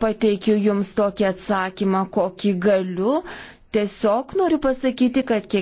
pateikiu Jums tokį atsakymą, kokį galiu. Tiesiog noriu pasakyti, kad kiek